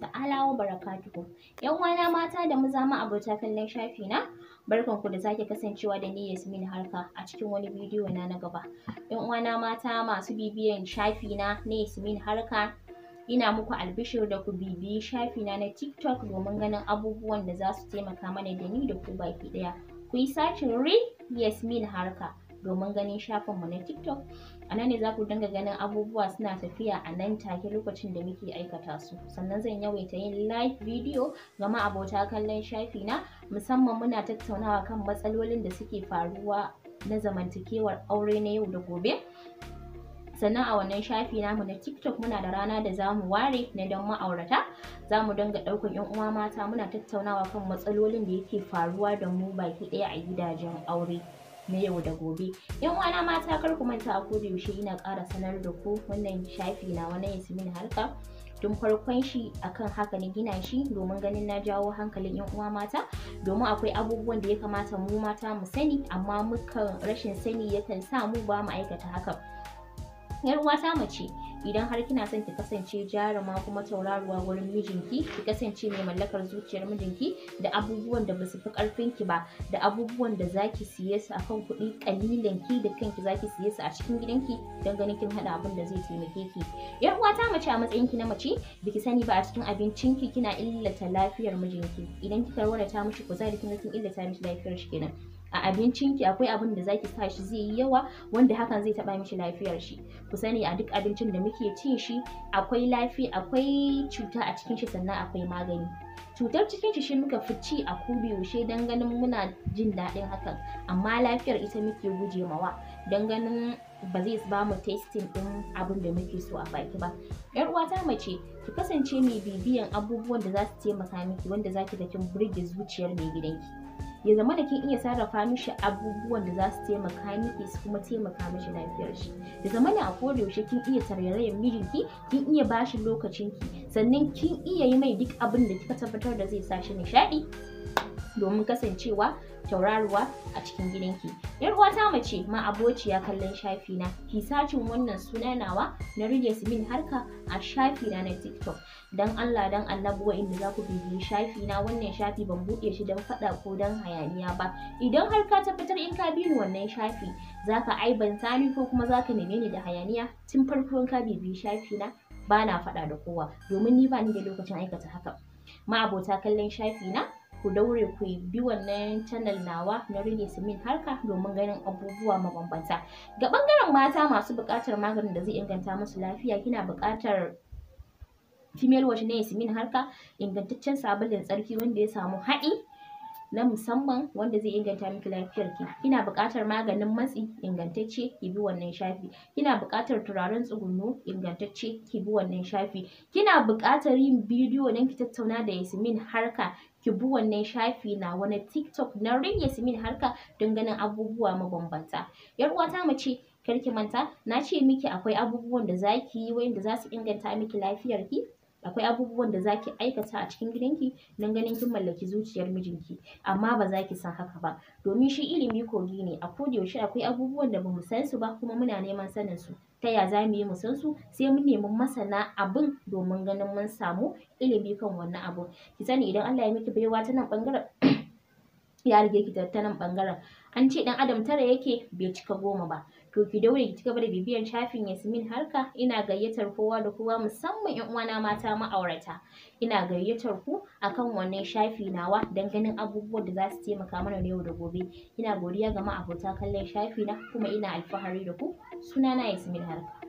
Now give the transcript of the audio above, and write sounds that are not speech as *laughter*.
ta'ala wa barakatuhu. Yan uwana mata da maza ma abota kallon shafi na barkan ku da sake kasancewa da ni Yasmin Harka a cikin wani bidiyo na na gaba. Yan uwana mata masu bibiyan shafi na ni Yasmin Harka ina muku albishir da ku bibiyi shafi na na TikTok domin ganin abubuwan da za su taimaka mana da ni da ku baki ɗaya. Ku yi sacin re Yasmin Harka. domin ganin shafinmu na TikTok. A nan ne za ku dinga ganin abubuwa suna tafiya a nan take lokacin da muke aikata su. Sannan zan yawaita yin live video ga abota kallon shafi na musamman muna tattaunawa kan matsalolin da suke faruwa na zamantakewar aure na yau da gobe. sannan a wannan shafi namu na tiktok muna da rana da za mu ware na don ma'aurata za mu dinga ɗaukar yan uwa mata muna tattaunawa kan matsalolin da yake faruwa da mu baki ɗaya a gidajen aure na yau da gobe yan uwana mata kar ku manta a koda yaushe ina ƙara sanar da ku wannan shafi na wani yasmin harka tun farkon shi akan haka na gina shi domin ganin na jawo hankalin yan uwa mata domin akwai abubuwan da ya kamata mu mata mu sani amma mukan rashin sani yakan sa mu ba mu aikata hakan yar uwata mace idan har kina son ki kasance jaruma kuma tauraruwa wurin mijinki ki kasance mai mallakar zuciyar mijinki da abubuwan da basu fi karfin ki ba da abubuwan da zaki siye su akan kuɗi kalilan ki da kanki zaki siye su a cikin gidanki don ganin kin hada abin da zai taimake ki yar uwata mace a matsayin ki na mace biki sani ba a cikin abincinki kina illata lafiyar mijinki idan kika ta mishi kuzari kin kin illata mishi lafiyar shi kenan a abincinki akwai abin da zaki sa shi zai yi yawa wanda hakan zai taɓa mishi lafiyar shi ku sani a duk abincin da muke cin shi akwai lafiya akwai cuta a cikin shi sannan akwai magani cutar cikin shi shi muka fi ci a kube yaushe dan ganin muna jin daɗin hakan amma lafiyar ita muke guje mawa don ganin ba zai ba mu tasting ɗin abin da muke so a baki ba yar uwata mace ki kasance mai bibiyan abubuwan da za su taimaka miki wanda zaki da kin burge zuciyar mai gidanki ya zama da kin iya sarrafa mishi abubuwan da za su taimaka miki su kuma taimaka mishi lafiyar shi ya zama da a koda yaushe kin iya tarayyar mijinki kin iya bashi lokacinki. sannan kin iya yi mai duk abin da kika tabbatar da zai sa shi nishaɗi domin kasancewa tauraruwa a cikin gidanki. Yar uwata mace ma abociya kallon shafi na. Ki sacin wannan suna nawa na Rige Simin Harka a shafi na na TikTok. Dan Allah dan Annabi wa'inda za ku bibiyi shafi na wannan shafi ban buɗe shi dan faɗa ko dan hayaniya ba. Idan har ka tabbatar in ka bi wannan shafi za ka aibanta ni ko kuma za ka neme ni da hayaniya tun farko ka bibiyi shafi na ba na faɗa da kowa domin ni ba ni da lokacin aikata haka ma'abota kallon shafi na ku daure ku bi wannan channel nawa na rage simin harka domin ganin abubuwa mabambanta ga bangaren mata masu buƙatar maganin da zai inganta musu lafiya kina buƙatar female wash ne simin harka ingantaccen sabulin tsarki wanda ya samu haɗi na musamman wanda zai inganta miki lafiyarki kina buƙatar maganin matsi ingantacce ki bi wannan shafi kina buƙatar turaren tsugunno ingantacce ki bi wannan shafi kina buƙatar yin bidiyo don ki tattauna da Yasmin Harka ki bi wannan shafi na wani TikTok na Rin Yasmin Harka don ganin abubuwa mabambanta yar uwata mace kar ki manta na ce miki akwai abubuwan da za ki yi wanda za su inganta miki lafiyarki akwai abubuwan da zaki aikata a cikin gidanki don ganin kin mallaki zuciyar mijinki amma ba zaki san haka ba domin shi ilimi kogi ne a koda yaushe akwai abubuwan da bamu san su ba kuma muna neman sanin su ta ya za mu yi mu san su sai mun nemi masana abin domin ganin mun samu ilimi kan wannan abu. ki sani idan Allah ya miki baiwa ta nan bangaren *coughs* ya rige ki ta nan bangaren an ce ɗan adam tara yake bai cika goma ba to ki daure ki cigaba da bibiyar shafin Yasmin Harka ina gayyatar kowa da kowa musamman ƴan uwana mata ma'aurata ina gayyatar ku akan wannan shafi nawa dan ganin abubuwan da za su taimaka mana yau da gobe ina godiya ga ma'abota kallon shafi na kuma ina alfahari da ku sunana Yasmin Harka